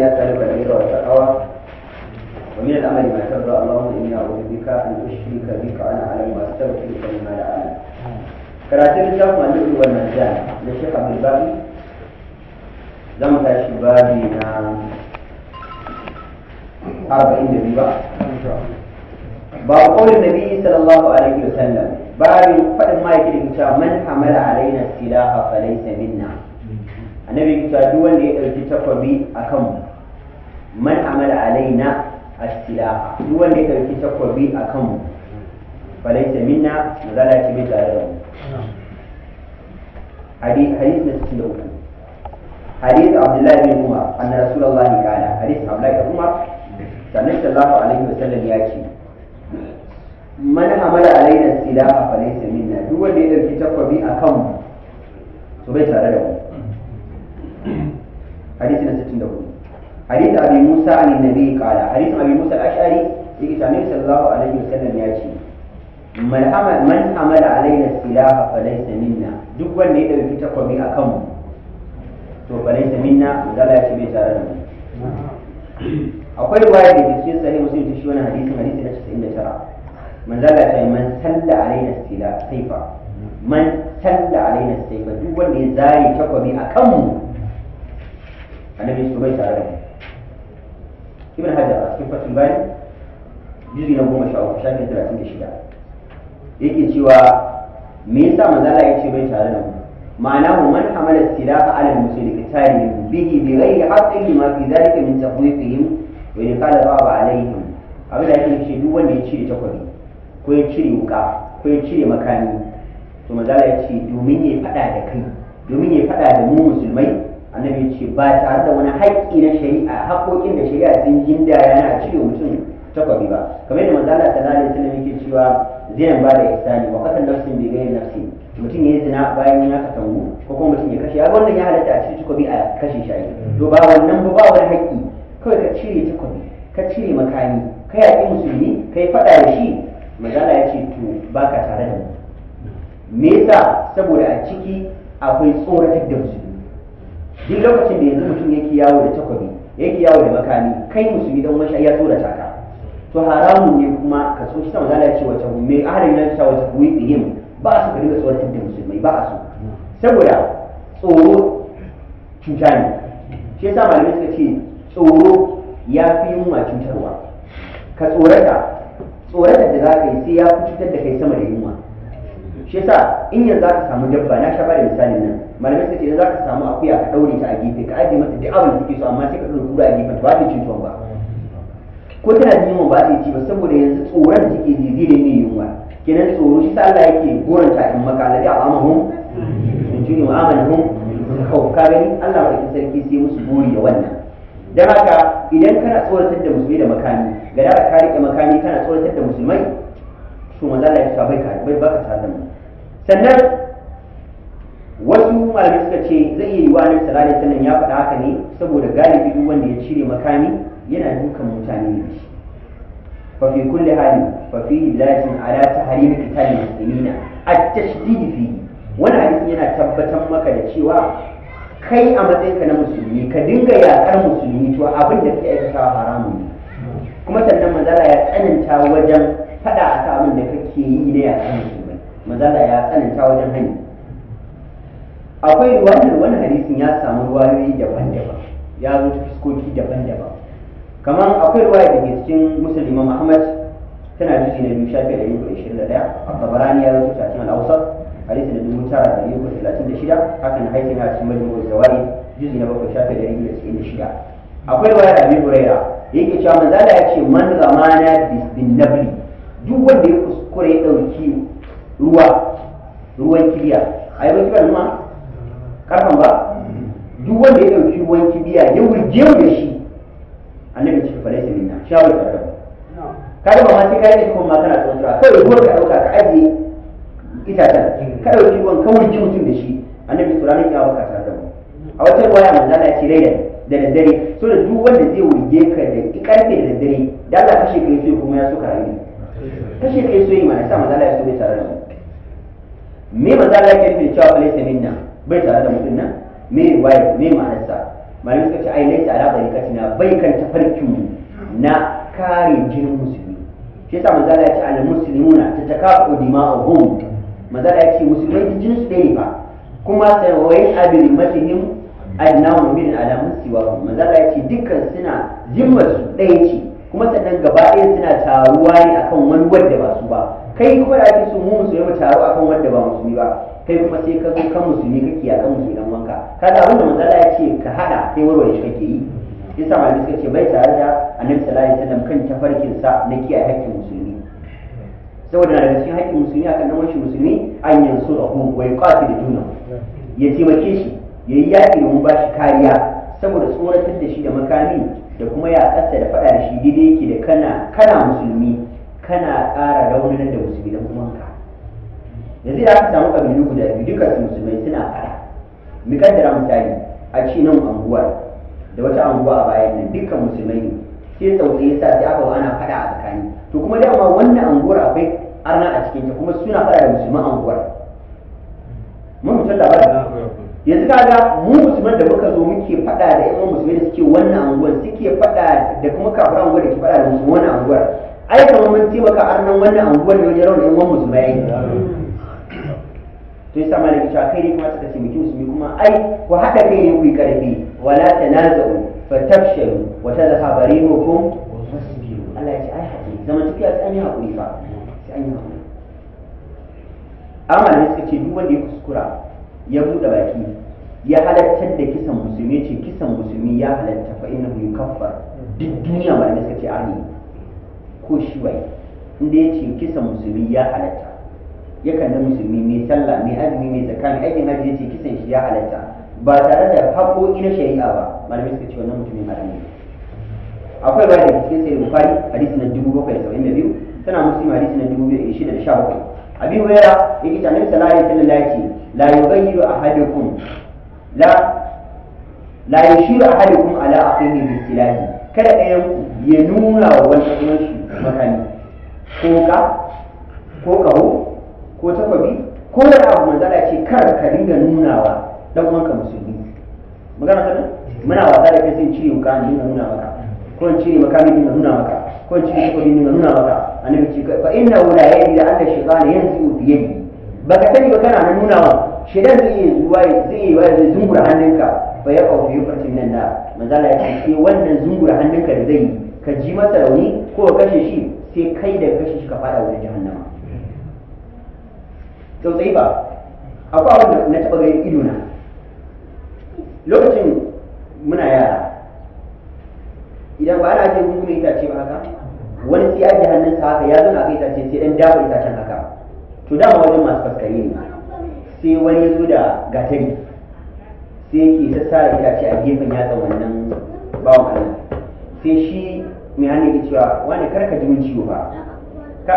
يا سالك الغيظ والشقاوة ومن الأمل ما شر اللهم إني أعوذ بك أن أشرك بك أنا أعلم وأستغفرك لما لا أعلم كراتب الشيخ مالك والمجان للشيخ عبد البابي زمن شبابي نعم أربعين دقيقة باب قول النبي صلى الله عليه وسلم باب فإن ما يكلم من حمل علينا السلاح فليس منا النبي صلى الله عليه وسلم أكمل man amala alaina as-silaha duk wanda ya dauki takwabi akan mu falaysa minna zala ta bai tare da mu hadith na cikin da uku hadith abdullahi bin umar anna rasulullahi kana hadith abdullahi bin umar sannan sallallahu alaihi wasallam ya ce man amala alaina silaha falaysa minna duk wanda ya dauki takwabi a kanmu. to bai tare da mu hadith na da 64 hadith abi musa an nabi qala hadith al-ash'ari yake ta nabi sallallahu alaihi wasallam ya ce man amala alaina silaha falaysa minna duk wanda ya dauki takobi a kanmu to falaysa minna zalla ce bai tare da akwai riwaya da ke cikin sahih muslim ta shi wannan hadisi hadisi na man zalla man salla alaina silaha saifa man salla alaina saifa duk wanda ya zare takobi a kanmu annabi ibn hajar a cikin fasin bayan juzi na goma sha uku shafin talatin da shida yake cewa me yasa manzala ya ce bai tare da mu ma'ana mu man hamala silaha ala musulmi tari bihi bi ghairi haqqin lima fi dhalika min tafwifihim wa in qala ba'd alaihim abin da yake ce duk wanda ya cire takobi ko ya cire wuka ko ya cire makami to manzala ya ce domin ya fada da kai domin ya fada da mu musulmai annabi ce ba tare da wani haƙƙi na shari'a haƙƙoƙin da shari'a sun da yana cire mutum takwabi ba kamar yadda manzo Allah sallallahu alaihi wasallam yake cewa zinan ba da ihsani wa qatan nafsin bi ghairi nafsi mutum ya yi zina bayan ya mu ko kuma mutum ya kashe ya wannan ya halatta a cire takwabi a kashe shi mm. to ba wannan ba ba wani haƙƙi kawai ka cire takwabi ka cire makami ka yaƙi musulmi ka yi faɗa da shi manzo Allah ya ce to ba ka tare da mu me yasa saboda a ciki akwai tsoratar da musulmi duk lokacin da yanzu mutum yake yawo da takwabi yake yawo da makami kai musulmi don wani ya tsora ka to haramun ne kuma ka so shi sama ce wata mai ahalin ya ta wata buwi yin ba su ka dinga tsoratar da musulmai ba a so saboda tsoro cuta ne shi yasa malamai suka ce tsoro ya fi yunwa cutarwa ka tsorata tsorata da za ka yi sai ya fi cutar da kai sama da yunwa shi yasa in yanzu aka samu dabba na sha ba da misalin nan malamai suka ce za ka samu akuya ka daure ta a gefe ka ajiye mata duk abin da take so amma sai ka dora rura a gefe ba ta cutuwan ba ko tana jin yunwa ba ta ci ba saboda yanzu tsoron da take ji zai ne yunwa kenan tsoro shi sa Allah yake goranta in maka alladhi Mun in jini wa amanahum kawo ka gani Allah madaukin sarki sai musu buri da wannan dan haka idan kana tsoratar da musulmi da makami ga da ka rike makami kana tsoratar da musulmai to manzo Allah ya ce bai ka bai baka sallan sannan wasu malamai suka ce zai iya yiwa ne tsara alaihi ya faɗa haka ne saboda galibi duk wanda ya cire makami yana dukan mutane ne shi fa fi kulli hali fa fi latin ala tahrim qital muslimina at-tashdid fi wannan hadisi yana tabbatar maka da cewa kai a matsayinka na musulmi ka dinga yakar musulmi to abin da kake aikatawa haramun ne kuma sannan manzala ya tsananta wajen faɗa a abin da kake yi na yaƙar musulmi manzala ya tsananta wajen hanyar akwai wannan wani hadisin ya samu wayoyi daban-daban ya zo ta fiskoki daban-daban kamar akwai ruwa da cikin musulmi muhammad tana jiji na biyu shafi da yuko ishirin da ɗaya a tabarani ya ta cikin al'ausar hadisi da dubu tara da yuko talatin da shida hakan haifi na cikin majalisar zawari jiji na bakwai shafi da yuko da da shida akwai ruwa da abu huraira yake cewa manzala ya ce man ramana bin nabli duk wanda ya kuskure ya ɗauki ruwa ruwan kiliya a yi ba ma karfan ba duk wanda ya ɗauki wanki biya ya wurge da shi annabi ce fa laysa minna shawar tare rabu kada ba ma sai kai ne kuma ma kana tsotsa kawai ruwan ka dauka ka aje itacen ka ɗauki ruwan ka wurge mutum da shi annabi ce ranar kiyama ka tare da mu a wata waya manzana zana ci rai da daddare so da duk wanda zai wurge ka da karfe da daddare da Allah kashe kai sai kuma ya suka rayu kashe kai so yi ma ya sa mazala ya so bai tare da mu me mazala ya kai karfe cewa fa laysa minna bai tare da mutum nan me waye me ma'anarsa malamai suka ce ai laita ala na bai kan tafarkin mu na kare jinin musulmi shi yasa manzo Allah ya ce al muslimuna tatakafu dima'uhum manzo Allah ya ce musulmai jinin su dai ba kuma sawayin abin matihim annahu min alamun siwa manzo Allah ya ce dukkan suna zimmar su ɗaya ce kuma sannan gaba ɗaya suna taruwa ne akan wani wanda ba su ba kai kuma da ake so mu musulmi mu taru akan wanda ba musulmi ba kai kuma sai ka zo kan musulmi kake a kan musulman wanka kaga abin da manzala ya ce ka hada sai warware shi kake yi yasa malami suka ce bai tare da annabi sallallahu alaihi wasallam kan tafarkin sa na kiyaye haƙƙin musulmi saboda na daga cikin haƙƙin musulmi akan nan wani musulmi an yi yansu wai wa da juna. ya taimake shi ya yi yaƙi da mu ba shi kariya saboda tsoratar da shi da makami da kuma ya kasta da faɗa da shi daidai yake da kana kana musulmi kana ƙara raunin da musulmi da kuma yanzu da aka samu kabilu guda biyu duka su musulmai suna fara mu kaddara misali a ci nan anguwar da wata anguwa a bayan nan dukkan musulmai ne sai sauke yasa sai aka ana fada a tsakani to kuma da dama wannan anguwar akwai arna a cikin ta kuma suna fara da musulman anguwar mun mutum bada yanzu kaga mu musulman da muka zo muke fada da yan musulmai da suke wannan anguwar suke fada da kuma kafin anguwar da ke fada da musulman wannan anguwar ai kamar mun taimaka arnan wannan anguwar ne wajen rauni yan musulmai to yasa malami cewa kai ne kuma ta ce miki musulmi kuma ai ku haɗa kai ne ku yi karfi wala tanazaru fatafshalu wa tadhhabu rihukum wasbiru Allah ya ce ai haƙi zaman tafiya sai an yi haƙuri fa sai an yi haƙuri amma ne suka ce duk wanda ya kuskura ya buɗe baki ya halartar da kisan musulmi ce kisan musulmi ya halarta fa inna hu yukaffar duk duniya ba ne suka ce ani ko shi wai inda ya ce kisan musulmi ya halarta yakan kalli musulmi mai sallah mai azumi mai zakka mai aikin hajji yace kisan shi ya halatta ba tare da haƙoƙi na shari'a ba malamai suka ce wannan mutumin harami akwai bayan da cikin sai bukari hadisi na dubu bakwai saba'in da biyu tana muslim hadisi na dubu biyu shida da sha bakwai abin huraira ya ce annabi sallallahu alaihi wasallam ya ce la a ahadukum la la yushiru ahadukum ala akhihi bi silahi kada ɗayan ya nuna wa wani ɗayan shi makami ko ka ko kawo ko takwabi ko wani abu manzala ce kar ka dinga nunawa dan wanka musulmi magana kana muna wasa da kai sai cire wuka ni na nuna maka ko in cire makami ni na nuna maka ko in cire takobi ni na nuna maka annabi ce fa inna la yadi da Allah shaytan yanzu bi yadi baka sani ba kana nunawa shaidan zai iya zuwa zai yi wa zai zungura hannunka fa ya kawo yi farcin nan da, manzala ya ce wannan zungura hannunka da zai yi ka ji masa rauni ko ka kashe shi sai kai da kashe shi ka fada wajen jahannama tausayi ba akwai abin na taɓa ganin ido na lokacin muna yara idan ba ana ajiye gugu mai itace ba haka wani sai ajiye hannunsa haka ya zana aka itace sai dan dafa itacen haka to dama wajen masu faskare ne sai wani ya zo da gatari sai yake sassara itace a gefen yatsa wannan bawan Allah sai shi mai hannun ya cewa wani karka ji mun ciwo ba ka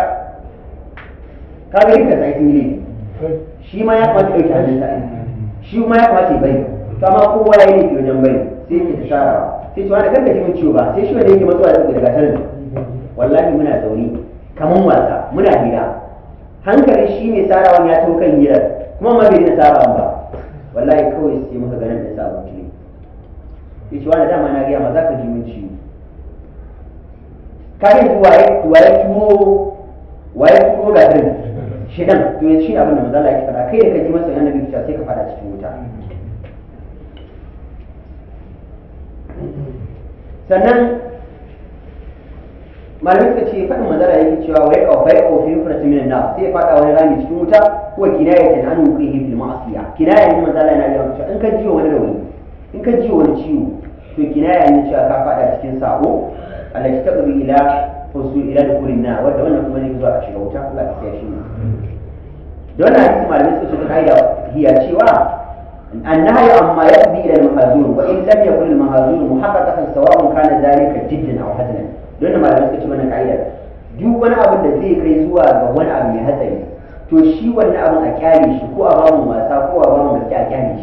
ga yadda sai sun yi laifi shi ma ya kamata ɗauki hannun da shi ma ya kamata ya bayyana to amma kowa ya yi wajen bai sai yake ta shara sai ce wani kanka kimin ciwo ba sai shi wanda yake matsuwa da daga tarin wallahi muna zaune kaman wasa muna gida hankali shi ne sarawan ya tau kan hirar kuma ma bai na sarawan ba wallahi kawai sai muka ganin da sabon kile sai ce wani dama na gaya ma za ka ji min ciwo ka yi waye waye tuwo waye tuwo ga tarin shedan to ya shi abin da manzo Allah ya faɗa kai da kaji masa annabi Isa sai ka fada cikin wuta sannan malamin ka ce faɗin manzara yake cewa wai ka bai ko fi furta min na sai ya faɗa wani rami cikin wuta ko kinaya ta nan ku asiya Gina ya kinaya ne manzara yana yawan cewa in ka ji wani rauni in ka ji wani ciwo to ya ne cewa ka faɗa cikin sako Allah ya taɓa ila wasu ila da na wanda wannan kuma ne zuwa a shiga wuta Allah ya kiyaye shi da wannan hadisi malamai suka shiga kaida hiya cewa النهي عما يؤدي الى المحذور وان لم يكن المحذور محققا سواء كان ذلك جدا او حزنا دون ما لم تكن wannan kaida duk wani abin da zai kai zuwa ga wani abu mai hatsari to shi wannan abin a kyale shi ko a bamu wasa ko a bamu gaske a kyale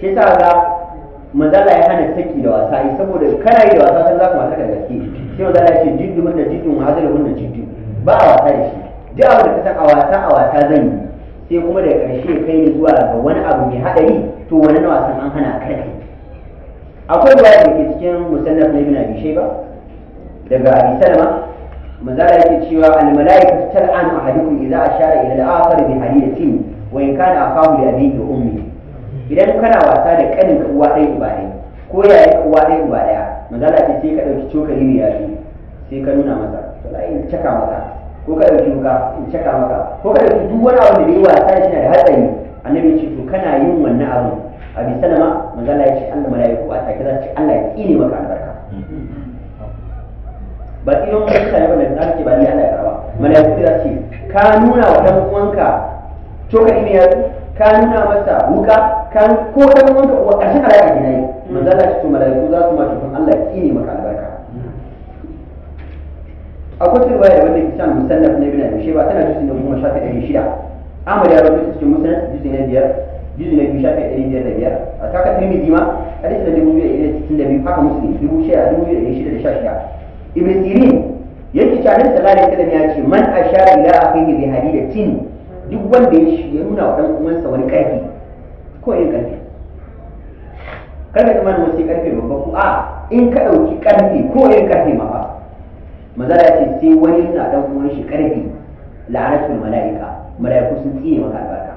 shi ga manzala ya hana taki da wasa yi saboda kana yi da wasa sai za ku mata da gaske sai manzala ya ce jiddu wanda wa wanda ba a wasa da shi duk abin da ka san a wasa a wasa zan yi sai kuma da ƙarshe kai ni zuwa ga wani abu mai haɗari to wani na wasan an hana kai akwai ruwa da ke cikin musannaf na ibn abi shayba daga abi salama manzala ce cewa al malaikatu tal'anu ahadukum idza ashara ila al akhar bi hadiyatin wa in a akahu li abihi wa ummihi idan kana wasa da kanin ka uwa ɗaya uba ɗaya ko ya ka uwa ɗaya uba ɗaya manzala ce sai ka ɗauki cokali ne yafi sai ka nuna masa wallahi in caka masa ko ka ɗauki wuka in caka maka ko ka ɗauki duk wani abu da yi wasa shi na da hatsari annabi ce to kana yin wannan abu abi salama manzala ya ce Allah malaiku a take za su ce Allah ya tsine maka albarka ba ki yau ta ne wannan da ke ba ni Allah ya karba malaiku za ce ka nuna wa dan uwanka cokali ne yafi ka nuna masa wuka kan ko dan wanka wa ƙarshe a rayuwa gina yi manzo Allah ya ce malaiku za su ma tufan Allah ki ne maka albarka akwai riwaya wanda ke san musannaf na ibn abi shayba tana cikin kuma shafi ɗari shida Ahmad ya rubuta cikin musannaf juz'i na biyar juz'i na biyu shafi ɗari biyar da biyar a taka Tirmidhi ma hadisi na dubu biyu da ɗari cikin da biyu haka Muslim dubu shida dubu biyu da ɗari shida da sha shida Ibn Sirin yake cewa Annabi sallallahu alaihi wasallam ya ce man ashara ila akhihi bi hadidatin duk wanda ya nuna wa dan uwansa wani ƙarfi ko in karfe kada ka mana wasu karfe babba ko a in ka ɗauki karfe ko in karfe ma ba mazala ce sai wani na dan uwan shi karfe la'anatul mala'ika mala'iku sun tsiye maka albarka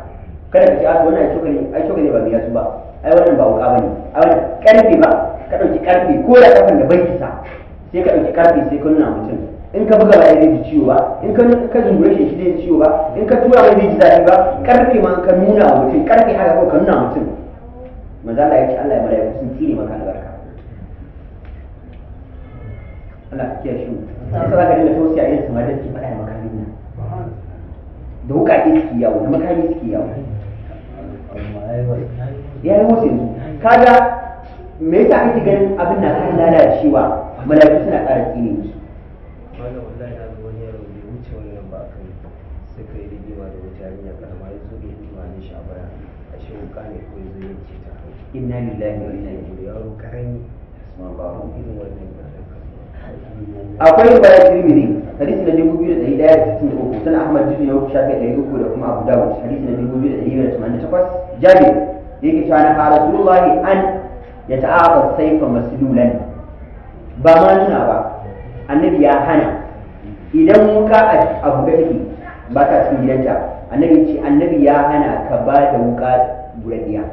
kada ka ce a wannan ai shogale ai shogale ba biya su ba ai wannan ba wuka bane ai wannan karfe ba ka ɗauki karfe ko da kafan da bai kisa sai ka ɗauki karfe sai ka nuna mutum in ka buga ba zai ji ciwo ba in ka ka zungure shi shi zai ciwo ba in ka tura mai zai ji zafi ba karfe ma ka nuna mutum karfe haka ko ka nuna mutum manzo Allah ya ce Allah ya mala'iku sun tsire maka albarka Allah ya kiyaye shi sai ka ga da tausiya su ma da ke faɗa da makamin da wuka ke suke yawo da makami suke yawo ya yi motsi kaga me yasa kake ganin abin na kan lalacewa mala'iku suna ƙara tsire musu malam wallahi na zuwa wani yaro bai wuce wannan ba kai sai suka yi rigima da wata yarinya karama ya zo da hikima ne shi a baya a shi wuka ne ko ya zo ya ce ta inna lillahi wa inna ilaihi yaro karami ma ba mu irin wannan ba akwai bayan tirmidhi hadisi na dubu biyu da ɗari ɗaya da sittin da uku sana ahmad jibin yau shafi ɗari uku da kuma abu dawud hadisi na dubu biyu da ɗari biyar da tamanin takwas jabir yake cewa na fara rasulullahi an ya ta'afa saifa masu maslulan ba ma nuna ba annabi ya hana idan wuka a buga take ba ta cikin gidanta annabi ce annabi ya hana ka ba da wuka buradiya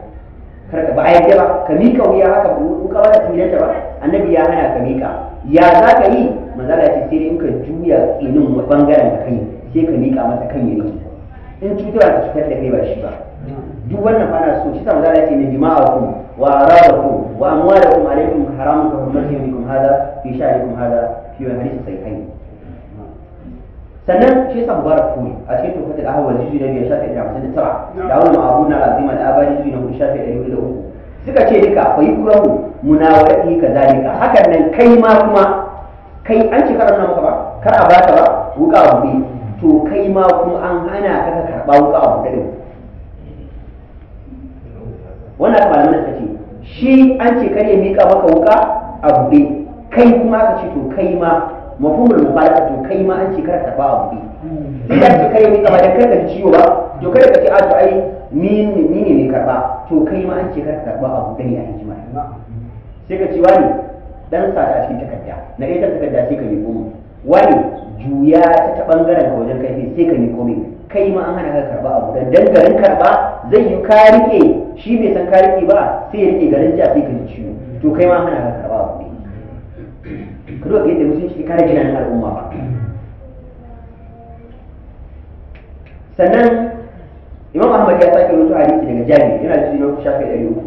kar ka ba yake ba ka mika wuya haka wuka ba ta cikin gidanta ba annabi ya hana ka mika ya za ka yi manzala ce sai in ka juya inin bangaren ka kai sai ka mika masa kan ya rike in cutarwa ta cutar da kai ba shi ba duk wannan fara so shi ta manzala ce ne dima'akum wa aradakum wa amwalakum alaikum haramun ka hurmatihim hada fi sha'rikum hada fi hadith sahihain sannan shi yasa mubarak kuri a cikin tufatul ahwal jiji na biyar shafi ɗari hamsin da tara da wani ma'abu na azima da abani jiji na hudu shafi ɗari hudu da uku suka ce duka fa yi kurahu munawarati ka zalika hakan nan kai ma kuma kai an ce karanta maka ba kar a baka ba wuka a buɗe to kai ma kuma an hana ka ka karɓa wuka a buɗe ɗin wannan haka malamin suka ce shi an ce kar ya miƙa maka wuka a buɗe kai kuma aka ce to kai ma mafhumul mukhalafa to kai ma an ce kar ka tafa a buɗe idan ka kai ne kama dan kar ka ciwo ba to kai ka ce a to ai ni ne ni ne ne karba to kai ma an ce kar ka karba a buɗe ne a ma sai ka ce wani dan sa ta cikin takarda na ɗaya takarda sai ka miƙo mu wani juya ta ta bangaren ka wajen kai sai ka miƙo min kai ma an hana ka karba a buɗe dan garin karba zai yi ka shi bai san ka ba sai ya riƙe garin ja sai ka ji ciwo to kai ma an hana ka ka zo yadda musulunci ke kare gidan al'umma ba sannan imam ahmad ya sake wasu hadisi daga jami yana da cikin na shafi ɗari uku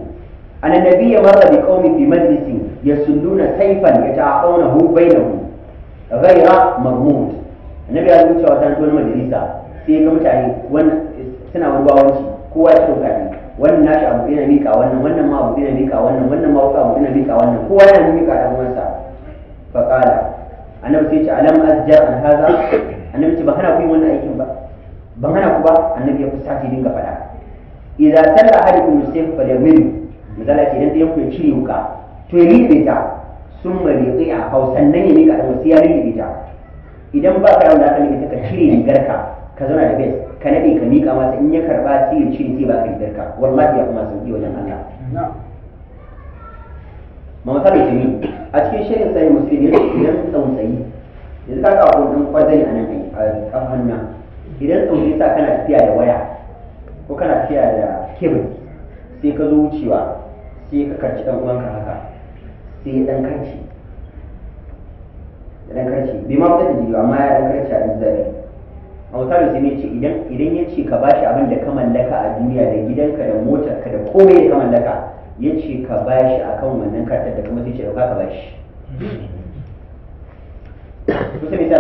an annabi ya marra bi qaumi fi majlisin yasunduna sayfan yata'awnahu bainahum ghaira marmud annabi ya rubuta wata wani majalisa sai ga mutane wannan suna wani bawanci ko wani tsoka ne wannan nashi abu ina mika wannan wannan ma abu ina mika wannan wannan ma abu ina mika wannan ko wani kowa yana mika dan sa. faƙala annabi sai ce alam azjar an haza annabi ce ban hana ku yin aikin ba hana dinga ya cire wuka to ya riƙe ta sun a hausan nan ya miƙa ɗan wasu ya idan ka ka miƙa masa in ya karɓa cire rigarka ya kuma wajen Allah mawasar jini a cikin shirin sai musulmi ne idan tsautsayi yanzu ka kawo kudin kwazai a nan a kafan nan idan tsautsayi sa kana tafiya da waya ko kana tafiya da kebul sai ka zo wucewa sai ka karci dan uwanka haka sai dan karci dan karci bai ma fitar da jiri amma ya dan karci a duk zare mawasar jini ce idan idan ya ce ka bashi abin da ka mallaka a duniya da gidanka da motarka da komai da ka mallaka ya ce ka bashi kan wannan kartar da kuma zai ce ka ka bashi kusa mai sa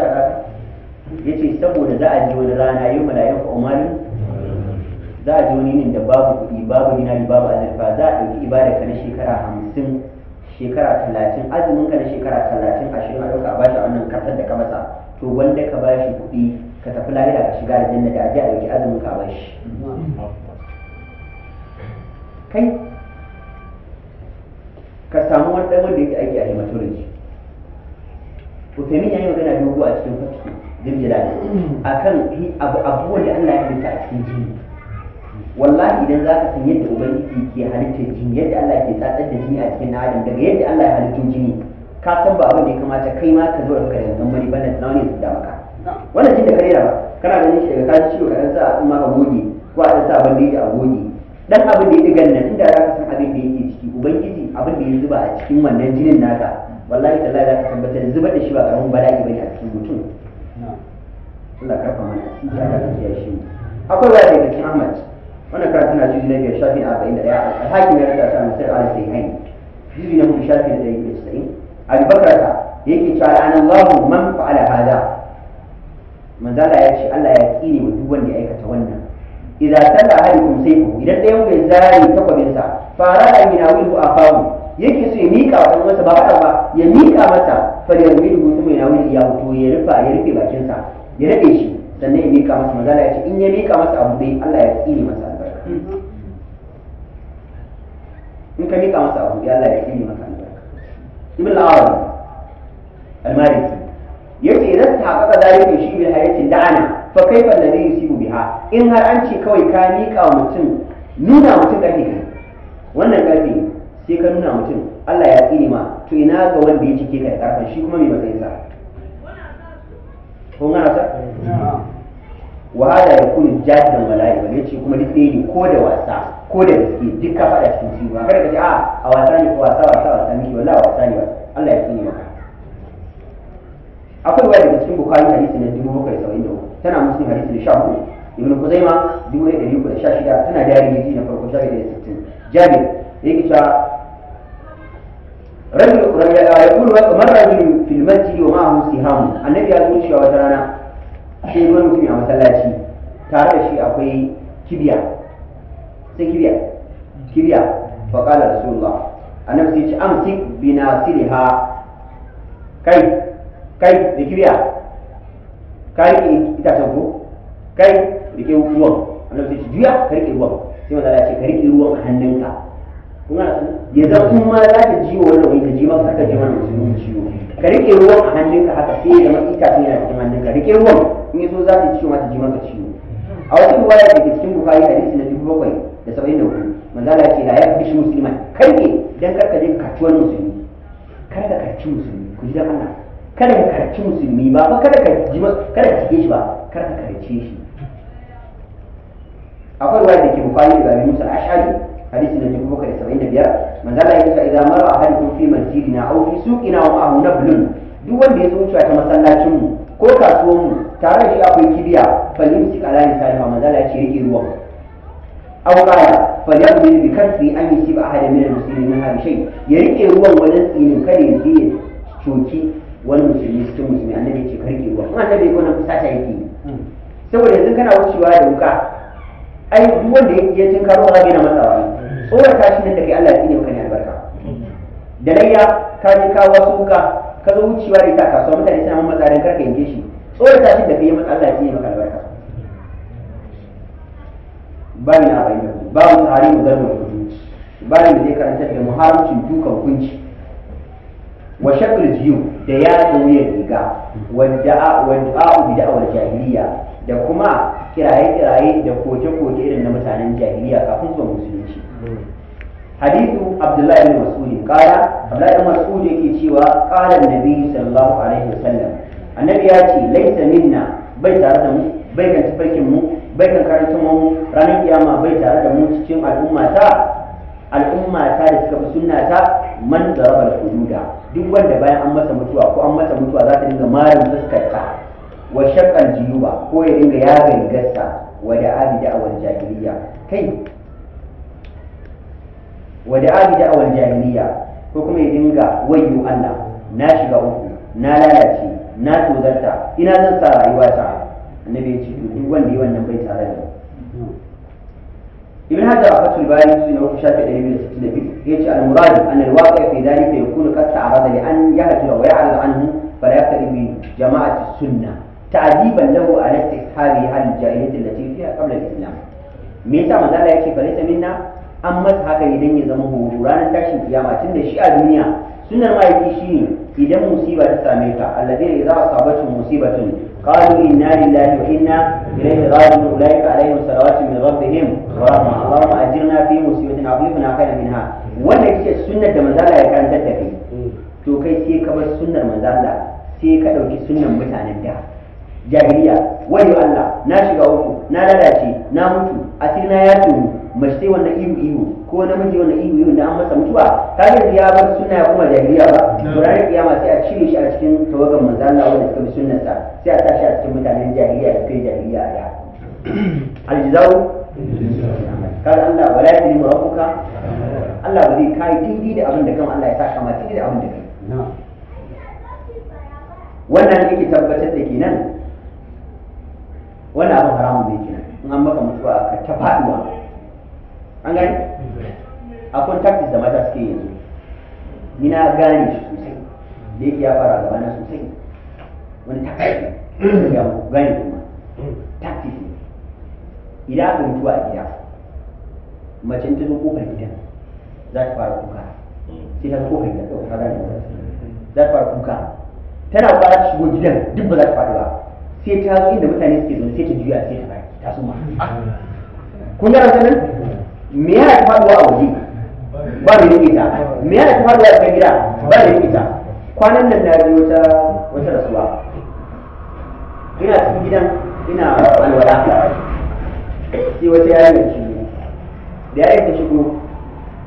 ya ce saboda za a ji wani rana yau malayan umarin za a ji wani nin da babu kuɗi babu yi babu azurfa za a ɗauki ibada ka na shekara hamsin shekara talatin azumin ka na shekara talatin ashirin a ɗauka a bashi wannan kartar da ka masa to wanda ka bashi kuɗi ka tafi lahira ka shiga da jannata da a ji a ɗauki azumin ka a bashi kai ka samu wani ɗan wanda yake aiki a ko sai ya yi magana dogo a cikin fasu jirgila a kan abubuwan da Allah ya halitta a cikin jini wallahi idan za ka san yadda ubangiji ke halitta jini yadda Allah ke tsatsar da jini a cikin adam daga yadda Allah ya halitta jini ka san ba abin da ya kamata kai ma ka zo da kare gangan mari bana da wani su da maka wannan shi da kare ba kana ganin shi ka ciwo da sa a tsuma ka goge ko a sa bandeji a goge dan abin da ya digan nan inda za ka san abin da yake ciki ubangiji abin da ya zuba a cikin wannan jinin naka wallahi ta lalata ka tabbatar zuba da shi ba karamin bala'i bane a cikin mutum Allah karfa mana ya ga ya shi akwai wa da cikin Ahmad wannan karatu na jiri na biyar shafi na arba'in da ɗaya alhakim ya rika sa musayar ala sai hain Jibi na hudu shafi da yake da casa'in abubakar ta yake cewa la'anallahu man fa'ala hada manzala ya ce Allah ya tsine wa duk wanda ya aikata wannan idza talla ahadikum sayfu idan ɗayan bai zare takwabin sa fara da mina wilu afahu yake so ya mika wa masa ba faɗa ba ya mika masa faryar wilu mutum ya wili ya hutu ya rufa ya rufe bakin sa ya rufe shi sannan ya mika masa magana ya ce in ya mika masa abu dai Allah ya tsire masa albarka in ka mika masa abu dai Allah ya tsire masa albarka ibn al-arabi al-maliki yace idan ta haƙaƙa zalika shi bil hayatin da'ana fa kaifa alladhi yusibu ba in har an ce kawai ka miƙa mutum nuna mutum kake kai wannan ƙarfi sai ka nuna mutum Allah ya tsini ma to ina ga wanda ya cike ka da ƙarfin shi kuma mai matsayin sa kun gana ta wa hada ya kunu jaddan bala'i ba ce kuma duk ɗaya ne ko da wasa ko da gaske duk ka faɗa cikin ciwo ba kada ka ce a ah, a wasa ne ko wasa wasa wasa ne wallahi wasa ne ba Allah ya tsini maka akwai waya daga cikin bukari hadisi na dubu bakwai saba'in da uku tana musulun hadisi na sha hudu ibn kuzaima dubu ɗaya ɗari uku da sha shida tana da yari na farko sha da sittin jabir yake cewa رجل يقول مر رجل wa المسجد ومعه hamu. Annabi ya zo cewa wata rana sai wani mutum a masallaci tare da shi akwai kibiya sai kibiya kibiya fa qala rasulullah annabi sai ce amsik bi nasiriha kai kai da kibiya ka rike itacen ko kai rike ruwan annabi sai ce juya ka ruwan sai manzo Allah ce ka ruwan a hannunka kun ga su ya zan in ma za ka ji wannan wani ka ji ma ka ji wannan musulmi ciwo ka rike ruwan a hannunka haka sai ya zama ita sun yana cikin hannunka rike ruwan in ya so za ta ciwo ma ta ji maka ciwo a wasu ruwaya da ke cikin bukari hadisi na dubu bakwai da saba'in da hudu manzo Allah ce ya fi shi musulman kai ne dan karka je ka ci wani musulmi kada ka karci musulmi ku ji dan Allah kada ka karci musulmi ba ba kada ka ji kada ka cike shi ba kada ka karce shi akwai ruwa da ke bukari daga abin musa ashari hadisi na dubu bakwai da saba'in da biyar manzala ya kusa idan mara a hadin fi masjidina au fi suqina wa ahu bulun. duk wanda ya zo wucewa ta masallacinmu ko kasuwanmu tare da shi akwai kibiya falimsik ala lisanima manzala ya ce rike ruwan aw qala falyaqbil bi kasfi an yusiba ahadan min al-muslimin min hadha shay ya rike ruwan wajen tsinin kada ya je coki wani musulmi cikin musulmi annabi ce ka ruwa. Kuma annabi ko na fusata yake hmm. saboda yanzu kana wucewa da wuka ai duk wanda ya cin karo za gina masa wani eh. tsorata shi nan da Allah ya tsine maka ne albarka da layya ka ka wasu ka ka zo wucewa da ita kasuwa mutane suna mamman tsarin karka yanke shi tsorata shi da kai masa Allah ya tsine maka albarka bani na ba babu tsari mu zama bani da zai karantar da muharamcin dukan kunci wa shakl jiyu da ya wuyan riga wanda a wanda a da kuma kiraye-kiraye da koke-koke irin na mutanen jahiliya kafin zuwa musulunci hadithu abdullahi bin mas'ud qala abdullahi bin mas'ud yake cewa qala Nabi sallallahu alaihi wasallam annabi ya ce laita minna bai tare da mu bai kan tafarkin mu bai kan mu ranar kiyama bai tare da mu cikin al'ummata ta da suka fi sunnata man zaraba da hududa duk wanda bayan an masa mutuwa ko an masa mutuwa za ta dinga marin fuskarta wa shaqqan jiyuba ko ya dinga ya rigarsa wa da'a bi da'awar jahiliya kai wa jahiliya ko kuma ya dinga wayyo Allah na shiga uku na lalace na tozarta ina zan sa rayuwa ta annabi ya ce to duk wanda yi wannan bai tare da ابن هجر فتح الباري في نوف شافعي 162 يجي المراد ان الواقع في ذلك يكون ya تعرض لان يهجر ويعرض عنه فلا يقتدي jama'a السنه تعذيبا له على استكهابه عن الجاهلية التي فيها قبل الإسلام ميسا ما زال يكي فليس منا أما هكا إذن يزمه ورانا تاشي قيامة تند شيء الدنيا سنة ما يكيشيني إذا مصيبة تساميكا الذين إذا أصابتهم مصيبة قالوا إنا لله وإنا إليه راجعون أولئك عليهم صلوات من ربهم ورحمة اللهم أجرنا في مصيبة عظيمة خيرا منها وأنا يكي السنة ما زال يكان تتفي to kai sai ka bar sunnar manzo Allah sai ka dauki sunnan mutanen da jahiliya wani Allah na shiga uku na lalace na mutu a cikin ya tsoro mace sai wannan ihu ihu ko namiji wannan ihu ihu da an masa mutuwa ta ga ya bar suna ya kuma jahiliya ba ranar kiyama sai a cire shi a cikin tawagan manzo Allah wanda suka bi sunnarsa sai a tashi a cikin mutanen jahiliya da kai jahiliya ya da aljizau kada Allah wala ya tilimu rabbuka Allah bai kai dindi da abin da kan Allah ya sa kama dindi da abin da kai wannan yake tabbatar da kenan wani abin haramun ne kenan in an maka mutuwa ka ta faduwa an gani kun tactics da mata suke yanzu ni na gane shi sosai da yake ya fara gaba na sosai wani tactics ne ya gane kuma taktis ne idan aka mutuwa a gida macin ta zo kofar gidan za ta fara kuka sai ta zo kofar gidan ta fara za ta fara kuka tana fara shigo gidan duk ba za ta faɗuwa? ba sai ta inda mutane suke zaune sai ta juya sai ta baki ta suma ah. kun gara sanin me yana ta faduwa a waje ba mai rike ta me yana ta faduwa a gida ba mai rike ta kwanan nan na ji wata wata rasuwa ina cikin gidan ina alwala sai wata yarinya ce da yarinya ta shigo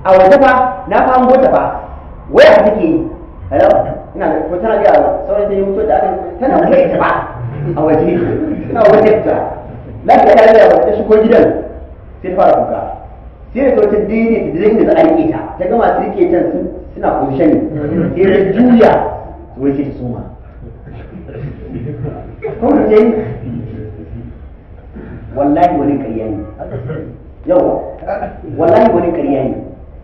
a waje fa na fa an gota fa waya take yi hello ina ko tana ji a sauran ta yi mutu da aka tana kai ta ba a waje na wata fita lafiya da lafiya ta shigo gidan sai fara kuka sai da wata dini da zai da za a rike ta ta gama su rike can suna kunshe ne sai da juya wai ce su ma kuma ce wallahi wani karya ne yawa wallahi wani karya ne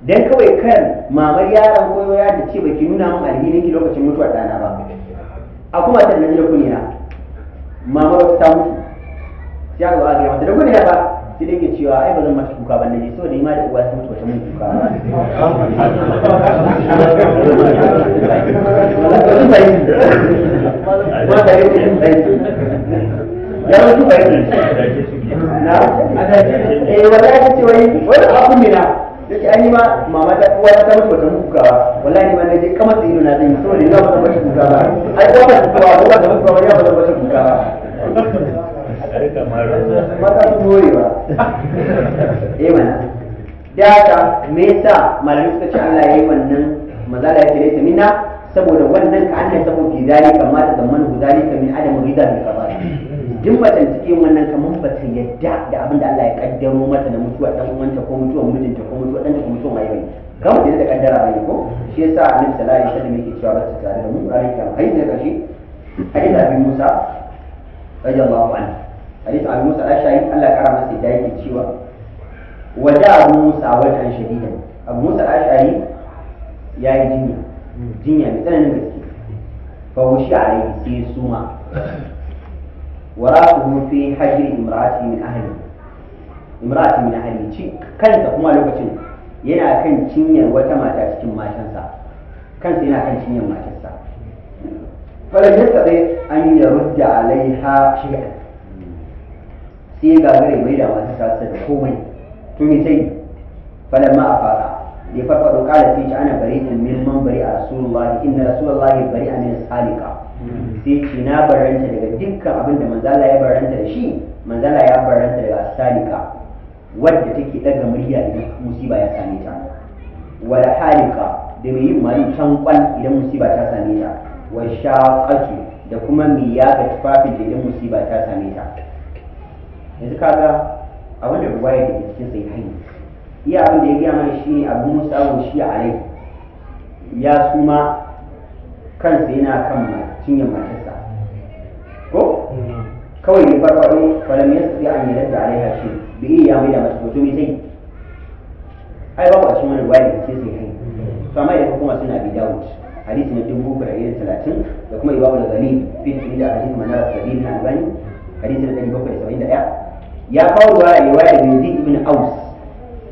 dan kawai kan mamar yaron koyo ya da ce baki nuna min alhini ki lokacin mutuwar dana ba a kuma ta da kuniya. mamar ta mutu ya ga ga mata da gudu ya sai dai ke cewa ai ba zan mata kuka ba ne so da ima da uwa sun mutu wata mun kuka ya na a da eh, ce wani abu yake an ma mama ta uwa ta mutu bata muku kawa wallahi ma naje kamar da ido na zai so ne na ba bashi kuka ba ai ba ta kuka ba ba ta kuka ba ya ba bashi kuka ba mata sun more ba eh mana da ta me yasa malamai suka ce Allah yayi wannan maza da yake laita minna saboda wannan ka Allah saboda zalika ma da zamanu zalika min adam rida bi qadari duk madan cikin wannan kamar ba ta yadda da abin da Allah ya kaddaro mata na mutuwa dan uwanta ko mutuwa ta ko mutuwa dan ko mutuwa mai mai kamar da ta kaddara bane ko shi yasa Annabi sallallahu alaihi wasallam yake cewa ba ta tare da mu ranar kiyama hadisi da kashi da Abi Musa radiyallahu anhu hadisi Abi Musa da ashari Allah ya kara masa da yake cewa wada Abu Musa wajen shadidan Abu Musa da ashari ya yi jinya jinya ne tsananin gaske fa wushi alaihi sai suma wara'uhu fi hajri imra'ati min ahli imra'ati min ahli ci kansa kuma lokacin yana kan cinyar wata mata cikin matansa kansa yana kan cinyar matarsa falam yastati an yarudda alaiha shay'an sai ga gare mai da matarsa da komai to me tai falamma afara ya farfado kala sai ana bari'un min man bari'a rasulullahi inna rasulullahi bari'a min salika sai ce na baranta daga dukkan abin da manzala ya baranta da shi manzala ya baranta daga Salika, wadda take daga murya idan musiba ya same ta wal halika da mai yin mari kwan idan musiba ta same ta wa shaqati da kuma mai ga tufafi da idan musiba ta same ta yanzu kaga a wannan ruwaya da ke cikin sai hanyar iya abin da ya gaya mana shi ne abu musa wa shi rai ya suma kansa yana kan cinyar mata kawai ya farfaɗo falam yastati an yadda alaiha shi bi iya mai da masu to bi ai babu a cikin wani ruwa ne, ke sai kai to amma idan kuma suna bi dawud hadisi na dubu ɗari da talatin da kuma ibabu da gani fi tsiri da hadisi manar sabil na albani hadisi na ɗari bakwai da saba'in da ɗaya ya kawo ruwaya riwaya da yazid ibn aus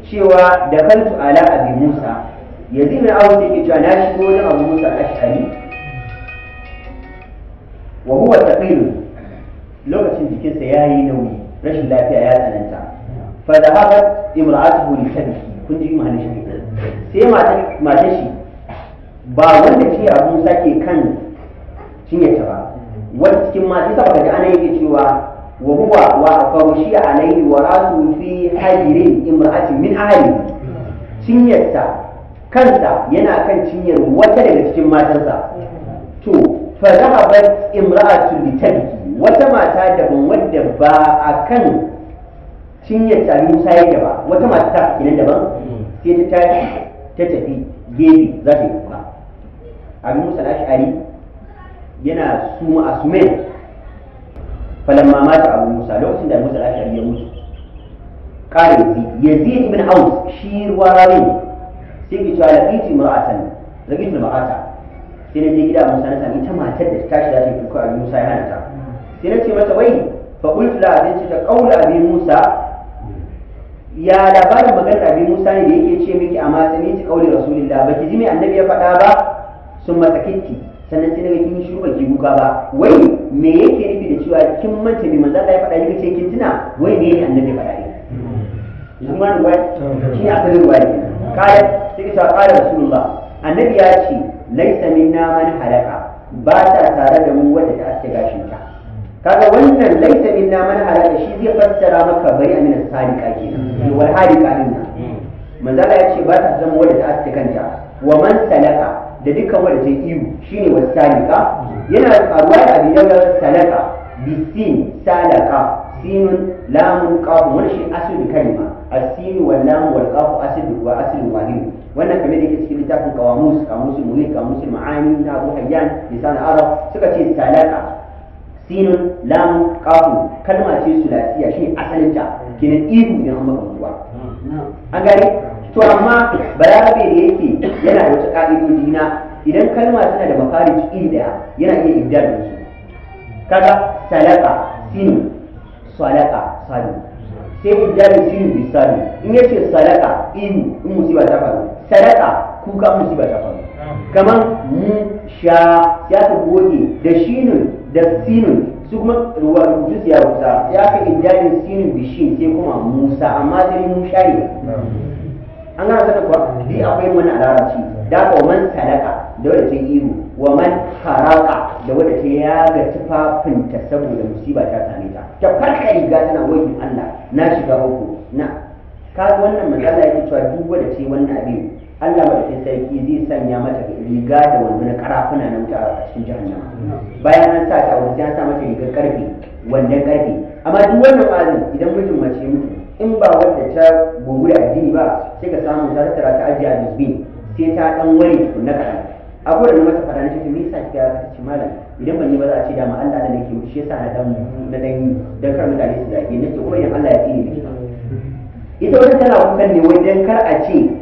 cewa da kantu ala abi musa yanzu ibn aus yake cewa na shigo da abu musa a ashari wa huwa taqiyun ya yi nauyi rashin lafiya ya tsananta fa zahabat imra'atuhu li shabihi kun ji mahallin shi sai matan matan shi ba wanda ce abu sake kan cinye ta ba wata cikin mata ta baka ana yake cewa wa huwa wa fawshi alayhi wa rasu fi hajirin imra'atin min ahli cinyarta kansa yana kan cinyar wata daga cikin matansa to fa zahabat imra'atu li wata mata daban wadda ba a kan cinyar tsari musa yake ba wata mata ta fi gina daban sai ta tashi ta tafi gefe za ta yi kuka abin musa ash'ari yana suma a sumen falamma mata abu musa lokacin da musa ash'ari ya mutu kare yanzu yin ibn aus shi ruwa ne. sai ki cewa laqiti mar'atan laqiti ma'ata sai na je gida musa na sami ta matar da ta tashi za ta yi kuka abin musa ya hana ta sai na ce mata wai fa qultu la zai ce ta qaula abi musa ya labarin maganar abi musa ne da yake ce miki amma sani ta qauli rasulillah baki ji me annabi ya faɗa ba sun matsakinki sannan sai daga kin shi baki ba wai me yake nufi da cewa kin manta ne manzo Allah ya faɗa yake ce kin tuna wai me yake annabi ya faɗa ne zaman wai shi asalin ruwa ne kaya sai ka kara rasulullah annabi ya ce laisa minna man halaka ba ta tare da mu wanda ta aske gashin ta kaga wannan laisa minna man halaka shi zai fassara maka bari amina salika kenan mm. wal halika minna manzala mm. ya ce ba ta zama wanda ta aske kanta wa man salaka da dukkan wadda ta iyu shine was salika mm. yana karuwa da abin da salaka bisin salaka sinun lamun qafu wani shi asli kalma as-sin wal lam wal qafu asli wa asli wahid wannan kamar da yake cikin littafin qawamus qamusul mulk qamusul maani na Abu Hayyan lisan arab suka ce salaka sinin lamu kafu kalma ce lafiya shi asalin ta kenan ihu ne an maka mutuwa an gane to amma balarabe da yake yana da wata ka'idoji na idan kalma tana da mafarin iri daya yana iya ibdal da su kaga salaka sinu salaka salu sai ibdal sinu bi salu in yace salaka in in musiba ta faru salaka kuka musiba ta faru kamar mu sha ya ta goge da shinin da sinin su kuma wa jus ya musa ya aka idalin sinin bishin sai kuma musa amma sai musa ne an gana sana kuwa zai akwai mana alaraci da ka man sadaka da wadda ta iru wa man haraka da wadda ta yaga tufafinta saboda musiba ta same ta ta farka riga tana wajen Allah na shiga uku na kaga wannan magana yake cewa duk wadda ce wannan abin Allah madaukin sarki zai sanya mata riga da wando na karafuna na wuta a cikin jahannama bayan an sa ta wani sa mata rigar karfe wanda karfe amma duk wannan azin idan mutum mace mutu in ba wadda ta da addini ba sai ka samu ta tattara ta ajiya a dusbin sai ta dan wani na kaɗan akwai da mata fara nace me yasa kika ce malam idan ban yi ba za a ce dama Allah da nake mu shi yasa na dan na dan dan kar mutane su zage nace kuma yin Allah ya tsine ita wannan tana kukan ne wajen kar a ce